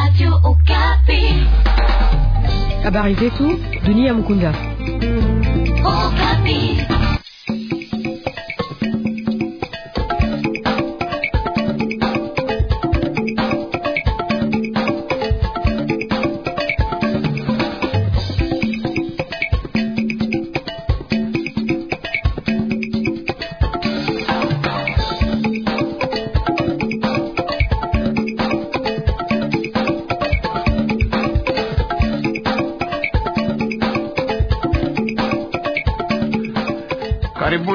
Radio Okapi. Habari zetu dunia mkunda. Okapi.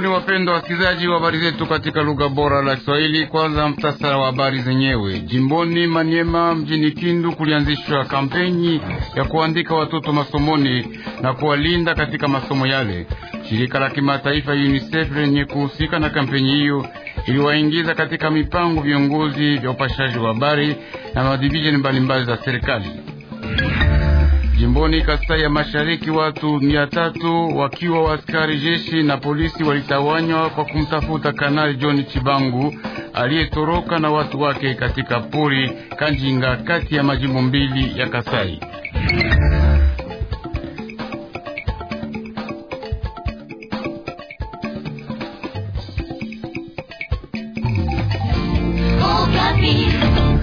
Karibuni wapendwa wasikilizaji wa habari zetu katika lugha bora la Kiswahili. Kwanza mtasara wa habari zenyewe. Jimboni Manyema, mjini Kindu, kulianzishwa kampeni ya kuandika watoto masomoni na kuwalinda katika masomo yale. Shirika la kimataifa UNICEF lenye kuhusika na kampeni hiyo iliwaingiza katika mipango viongozi vya upashaji wa habari na madivisheni mbalimbali za serikali. Jimboni Kasai ya Mashariki, watu mia tatu wakiwa waaskari jeshi na polisi walitawanywa kwa kumtafuta Kanali John Chibangu aliyetoroka na watu wake katika pori Kanjinga, kati ya majimbo mbili ya Kasai. Oh,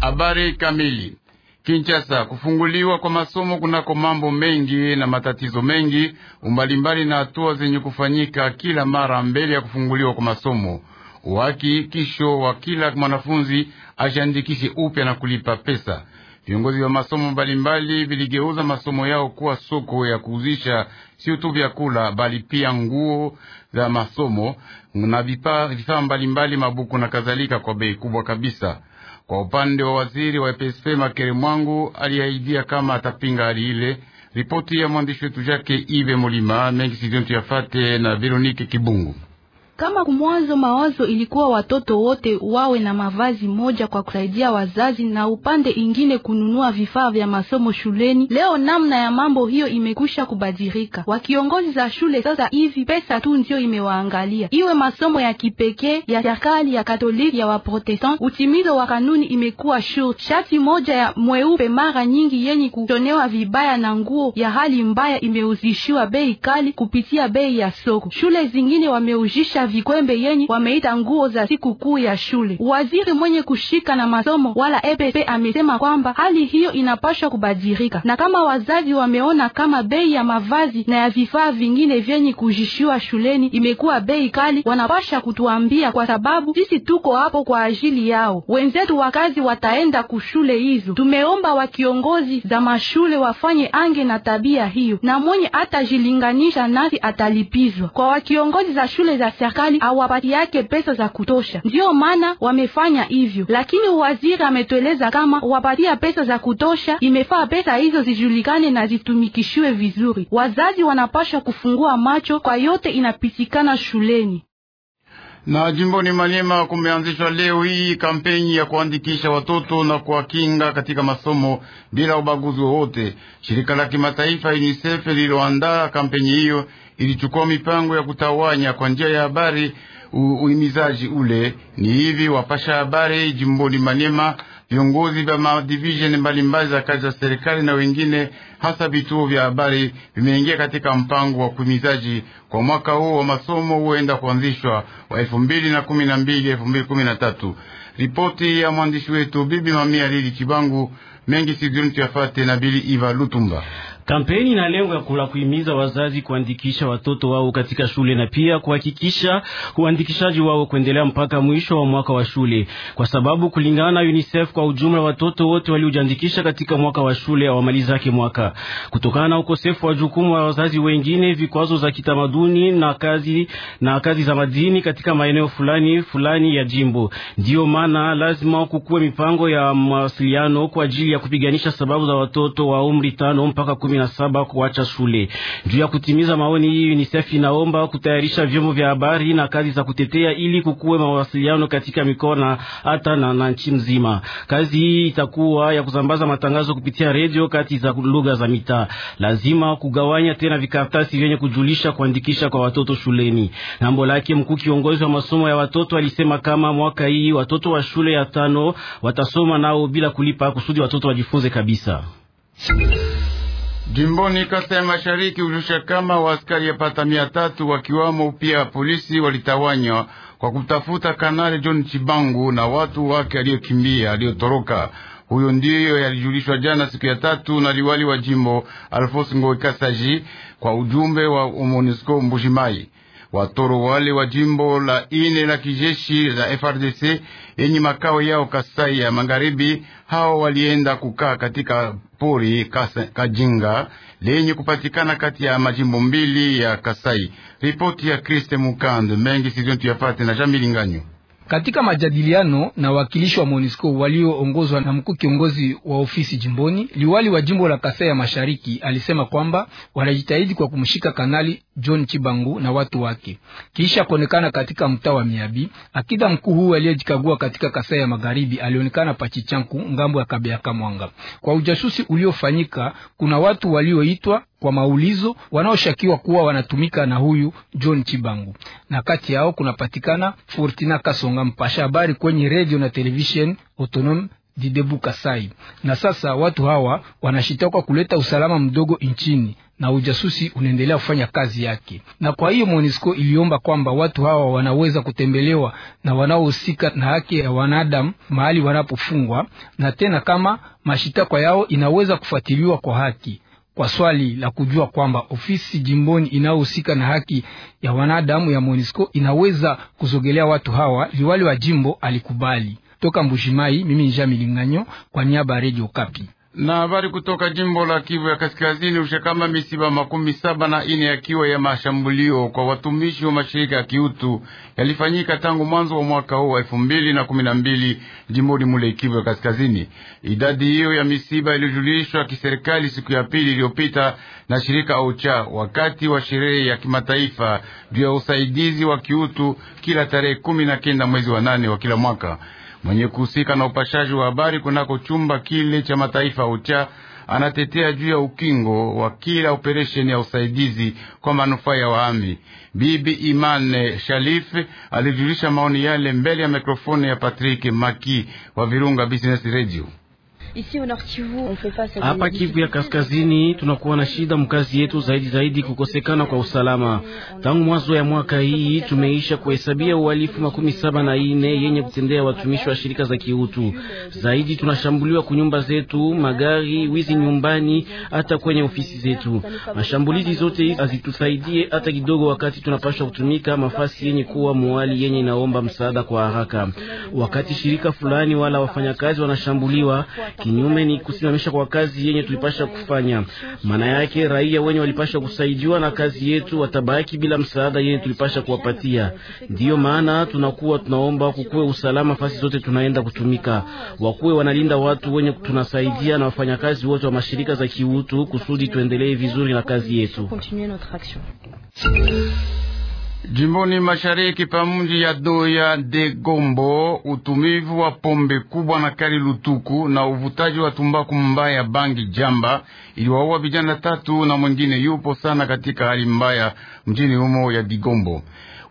Habari kamili Kinshasa, kufunguliwa kwa masomo kunako mambo mengi na matatizo mengi umbalimbali na hatua zenye kufanyika kila mara mbele ya kufunguliwa kwa masomo. Uhakikisho wa kila mwanafunzi ajiandikishe upya na kulipa pesa. Viongozi wa masomo mbalimbali viligeuza masomo yao kuwa soko ya kuuzisha sio tu vyakula, bali pia nguo za masomo na vifaa mbalimbali, mabuku na kadhalika, kwa bei kubwa kabisa. Kwa upande wa waziri wa EPSP Makere Mwangu aliahidia kama atapinga hali ile. Ripoti ya mwandishi wetu Jake Ive Molima mengi sizontu yafate na Veronique Kibungu. Kama mwanzo mawazo ilikuwa watoto wote wawe na mavazi moja kwa kusaidia wazazi na upande ingine kununua vifaa vya masomo shuleni, leo namna ya mambo hiyo imekusha kubadilika. Wakiongozi za shule sasa hivi pesa tu ndio imewaangalia, iwe masomo ya kipekee ya serikali ya Katoliki ya Waprotestanti. Utimizo wa kanuni imekuwa shur, shati moja ya mweupe mara nyingi yenye kuchonewa vibaya na nguo ya hali mbaya imeuzishiwa bei kali kupitia bei ya soko. Shule zingine wameuzisha Vikwembe yenye wameita nguo za sikukuu ya shule. Waziri mwenye kushika na masomo wala EPP amesema kwamba hali hiyo inapashwa kubadilika, na kama wazazi wameona kama bei ya mavazi na ya vifaa vingine vyenye kujishiwa shuleni imekuwa bei kali, wanapasha kutuambia, kwa sababu sisi tuko hapo kwa ajili yao. Wenzetu wakazi wataenda kushule hizo. Tumeomba wa kiongozi za mashule wafanye ange na tabia hiyo, na mwenye atajilinganisha nasi atalipizwa. Kwa wakiongozi za shule za serikali serikali awapati yake pesa za kutosha, ndiyo maana wamefanya hivyo. Lakini waziri ametueleza kama wapatia pesa za kutosha, imefaa pesa hizo zijulikane na zitumikishiwe vizuri. Wazazi wanapasha kufungua macho kwa yote inapitikana shuleni na jimboni Maniema kumeanzishwa leo hii kampeni ya kuandikisha watoto na kuwakinga katika masomo bila ubaguzi wowote. Shirika la kimataifa UNICEF lililoandaa kampeni hiyo ilichukua mipango ya kutawanya kwa njia ya habari uhimizaji ule. Ni hivi wapasha habari jimboni manema viongozi vya madivisheni mbalimbali za kazi za serikali na wengine, hasa vituo vya habari vimeingia katika mpango wa kuhimizaji kwa mwaka huu wa masomo huenda kuanzishwa wa elfu mbili na kumi na mbili elfu mbili kumi na tatu. Ripoti ya mwandishi wetu Bibi Mamia Lili Chibangu mengi sizioni tuyafate na Bili Iva Lutumba. Kampeni ina lengo ya kula kuhimiza wazazi kuandikisha watoto wao katika shule na pia kuhakikisha uandikishaji wao kuendelea mpaka mwisho wa mwaka wa shule, kwa sababu kulingana na UNICEF kwa ujumla watoto wote waliojiandikisha katika mwaka wa shule hawamalizake mwaka kutokana na ukosefu wa jukumu wa wazazi wengine, vikwazo za kitamaduni na kazi, na kazi za madini katika maeneo fulani fulani ya jimbo. Ndiyo maana lazima kukuwe mipango ya mawasiliano kwa ajili ya kupiganisha sababu za watoto wa umri tano mpaka kumi na saba kuacha shule. Juu ya kutimiza maoni hii, UNICEF inaomba kutayarisha vyombo vya habari na kazi za kutetea ili kukuwe mawasiliano katika mikoa na hata na, na nchi mzima. Kazi hii itakuwa ya kusambaza matangazo kupitia redio kati za lugha za mitaa. Lazima kugawanya tena vikaratasi vyenye kujulisha kuandikisha kwa watoto shuleni. Nambo lake mkuu kiongozi wa masomo ya watoto alisema kama mwaka hii watoto wa shule ya tano watasoma nao bila kulipa kusudi watoto wajifunze kabisa. Jimboni Kasa ya Mashariki ulisha kama waaskari yapata mia tatu wakiwamo pia polisi walitawanywa kwa kutafuta Kanali John Chibangu na watu wake aliyokimbia aliyotoroka. Huyo ndiyo yalijulishwa jana siku ya tatu na liwali wa jimbo Alphonse Ngoikasaji kwa ujumbe wa MONUSCO Mbujimayi. Watoro wale wa jimbo la ine la kijeshi la FRDC yenye makao yao Kasai ya Magharibi, hao walienda kukaa katika pori kasa, Kajinga lenye kupatikana kati ya majimbo mbili ya Kasai. Ripoti ya Kriste Mukande mengi sizontu yafate na Jamilinganyo katika majadiliano na wakilishi wa MONUSCO walioongozwa na mkuu kiongozi wa ofisi jimboni, liwali wa jimbo la Kasai ya Mashariki alisema kwamba wanajitahidi kwa kumshika Kanali John Chibangu na watu wake kisha kuonekana katika mtaa wa Miabi. Akida mkuu huu aliyejikagua katika Kasai ya Magharibi alionekana Pachichanku, ngambo ya Kabeaka Mwanga. Kwa ujasusi uliofanyika, kuna watu walioitwa kwa maulizo wanaoshakiwa kuwa wanatumika na huyu John Chibangu, na kati yao kunapatikana Fortina Kasonga, mpasha habari kwenye redio na television Autonome Didebu Kasai. Na sasa watu hawa wanashitakwa kuleta usalama mdogo nchini na ujasusi unaendelea kufanya kazi yake, na kwa hiyo MONUSCO iliomba kwamba watu hawa wanaweza kutembelewa na wanaohusika na haki ya wanadamu mahali wanapofungwa, na tena kama mashitakwa yao inaweza kufuatiliwa kwa haki. Kwa swali la kujua kwamba ofisi jimboni inayohusika na haki ya wanadamu ya MONUSCO inaweza kusogelea watu hawa, liwali wa jimbo alikubali. Toka Mbushimai, mimi Nja Milinganyo kwa niaba ya Radio Kapi na habari kutoka jimbo la Kivu ya Kaskazini ushakama misiba makumi saba na ine yakiwa ya mashambulio kwa watumishi wa mashirika ya kiutu yalifanyika tangu mwanzo wa mwaka huu wa elfu mbili na kumi na mbili jimboni mule Kivu ya Kaskazini. Idadi hiyo ya misiba ilijulishwa kiserikali siku ya pili iliyopita na shirika aucha wakati wa sherehe ya kimataifa juu ya usaidizi wa kiutu kila tarehe kumi na kenda mwezi wa nane wa kila mwaka mwenye kuhusika na upashaji wa habari kunako chumba kile cha mataifa ucha anatetea juu ya ukingo wa kila operesheni ya usaidizi kwa manufaa ya wahami. Bibi Imane Shalif alijulisha maoni yale mbele ya mikrofoni ya Patrick Maki wa Virunga Business Radio. Hapa Kivu ya Kaskazini tunakuwa na shida mkazi yetu zaidi zaidi kukosekana kwa usalama. Tangu mwanzo ya mwaka hii tumeisha kuhesabia uhalifu makumi saba na ine yenye kutendea watumishi wa shirika za kiutu. Zaidi tunashambuliwa kunyumba zetu, magari, wizi nyumbani, hata kwenye ofisi zetu. Mashambulizi zote hizi hazitusaidie hata kidogo, wakati tunapashwa kutumika mafasi yenye kuwa muwali yenye inaomba msaada kwa haraka. Wakati shirika fulani wala wafanyakazi wanashambuliwa kinyume ni kusimamisha kwa kazi yenye tulipasha kufanya. Maana yake raia wenye walipasha kusaidiwa na kazi yetu watabaki bila msaada yenye tulipasha kuwapatia. Ndiyo maana tunakuwa tunaomba kukuwe usalama fasi zote tunaenda kutumika, wakuwe wanalinda watu wenye tunasaidia na wafanyakazi wote wa mashirika za kiutu, kusudi tuendelee vizuri na kazi yetu. Jimboni mashariki pa mji ya Doya de Gombo, utumivu wa pombe kubwa na kali lutuku na uvutaji wa tumbaku mbaya bangi jamba iliwaua vijana tatu na mwingine yupo sana katika hali mbaya mjini humo ya Digombo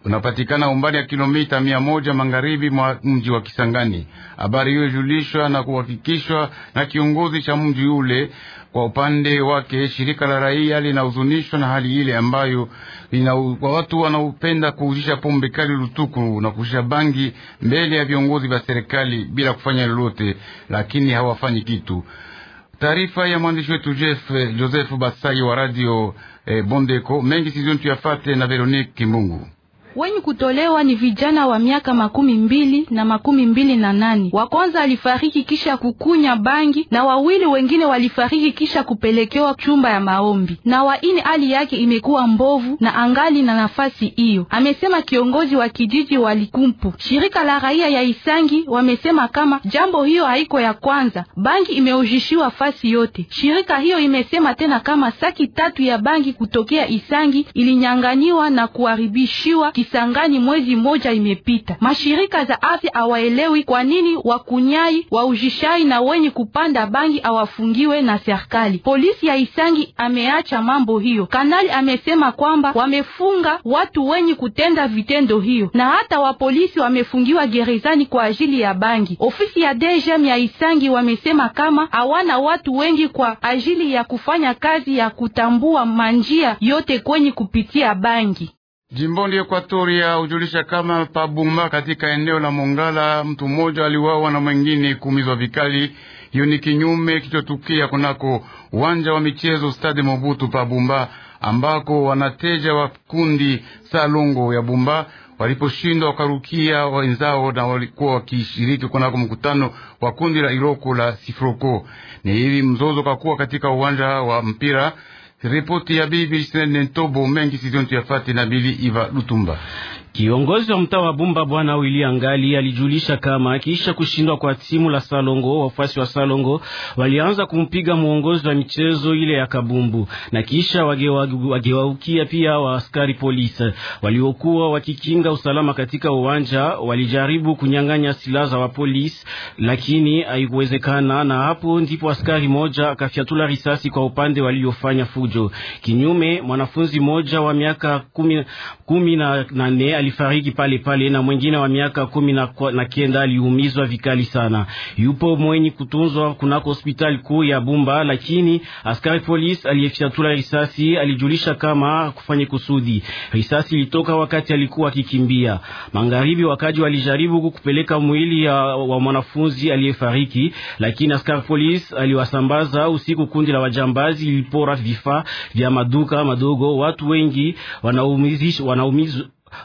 unapatikana umbali ya kilomita mia moja magharibi mwa mji wa Kisangani. Habari hiyo ilijulishwa na kuhakikishwa na kiongozi cha mji ule. Kwa upande wake, shirika la raia linahuzunishwa na hali ile ambayo lina watu wanaopenda kuuzisha pombe kali lutuku na kushusha bangi mbele ya viongozi vya serikali bila kufanya lolote, lakini hawafanyi kitu. Taarifa ya mwandishi wetu Joseph Basai wa radio eh, Bondeko mengi sizontu tuyafate na Veronique Kimbungu wenye kutolewa ni vijana wa miaka makumi mbili na makumi mbili na nane. Wa kwanza alifariki kisha kukunya bangi na wawili wengine walifariki kisha kupelekewa chumba ya maombi, na waine hali yake imekuwa mbovu na angali na nafasi hiyo, amesema kiongozi wa kijiji wa Likumpu. Shirika la raia ya Isangi wamesema kama jambo hiyo haiko ya kwanza, bangi imeujishiwa fasi yote. Shirika hiyo imesema tena kama saki tatu ya bangi kutokea Isangi ilinyang'aniwa na kuharibishiwa Kisangani mwezi moja imepita. Mashirika za afya awaelewi kwa nini wakunyai waujishai na wenye kupanda bangi awafungiwe na serikali. Polisi ya Isangi ameacha mambo hiyo. Kanali amesema kwamba wamefunga watu wenye kutenda vitendo hiyo, na hata wapolisi wamefungiwa gerezani kwa ajili ya bangi. Ofisi ya DGM ya Isangi wamesema kama hawana watu wengi kwa ajili ya kufanya kazi ya kutambua manjia yote kwenye kupitia bangi. Jimboni Ekwatoria ujulisha kama Pabuma katika eneo la Mongala mtu mmoja aliwawa na mwengine kuumizwa vikali. Hiyo ni kinyume kichotukia kunako uwanja wa michezo Stade Mobutu Pabumba, ambako wanateja wa kundi Salongo ya Bumba waliposhindwa wakarukia wenzao na walikuwa wakishiriki kunako mkutano wa kundi la Iroko la Sifroko. Ni hivi mzozo kakuwa katika uwanja wa mpira Ripoti ya bibi Isnene Ntobo mengi sizontu yafate na Bili Iva Lutumba. Kiongozi wa mtaa wa Bumba bwana wili angali alijulisha kama kisha kushindwa kwa timu la Salongo, wafuasi wa Salongo walianza kumpiga mwongozi wa michezo ile ya Kabumbu na kisha wagewaukia pia waaskari polisi waliokuwa wakikinga usalama katika uwanja, walijaribu kunyang'anya silaha za wapolisi, lakini haikuwezekana, na hapo ndipo askari moja akafyatula risasi kwa upande waliofanya fujo. Kinyume, mwanafunzi moja wa miaka kumi, kumi na nane alifariki pale pale na mwingine wa miaka kumi na, na kenda aliumizwa vikali sana. Yupo mwenye kutunzwa kunako hospitali kuu ya Bumba, lakini askari polisi aliyefyatula risasi alijulisha kama kufanya kusudi. Risasi ilitoka wakati alikuwa akikimbia magharibi. Wakaji walijaribu kupeleka mwili ya, wa mwanafunzi aliyefariki, lakini askari polisi aliwasambaza usiku. Kundi la wajambazi lilipora vifaa vya maduka madogo. Watu wengi wanaumizwa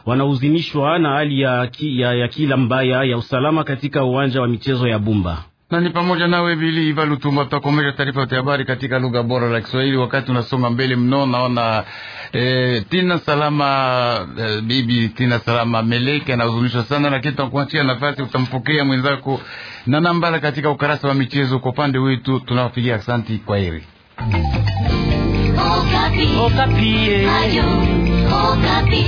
wanahuzinishwa na hali ya, ya, ya kila mbaya ya usalama katika uwanja wa michezo ya Bumba na ni pamoja nawe Bili Iva Lutumba. Tutakomesha taarifa ya habari katika lugha bora la Kiswahili. Wakati unasonga mbele mno, naona e, Tina Salama e, bibi Tina Salama Meleke anahuzunishwa sana, lakini tutakuachia nafasi, utampokea mwenzako na nambala katika ukarasa wa michezo. Kwa upande wetu tunawapigia asanti, kwa heri. Oh, oh, eh. Okapi.